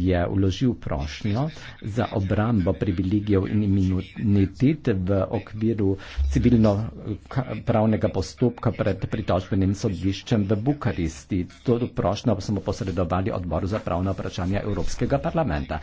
je vložil prošnjo za obrambo privilegijev in imunitet v okviru civilno pravnega postopka pred pritožbenim sodiščem v Bukaristi. To prošnjo smo posredovali odboru za pravno vprašanje Evropskega parlamenta.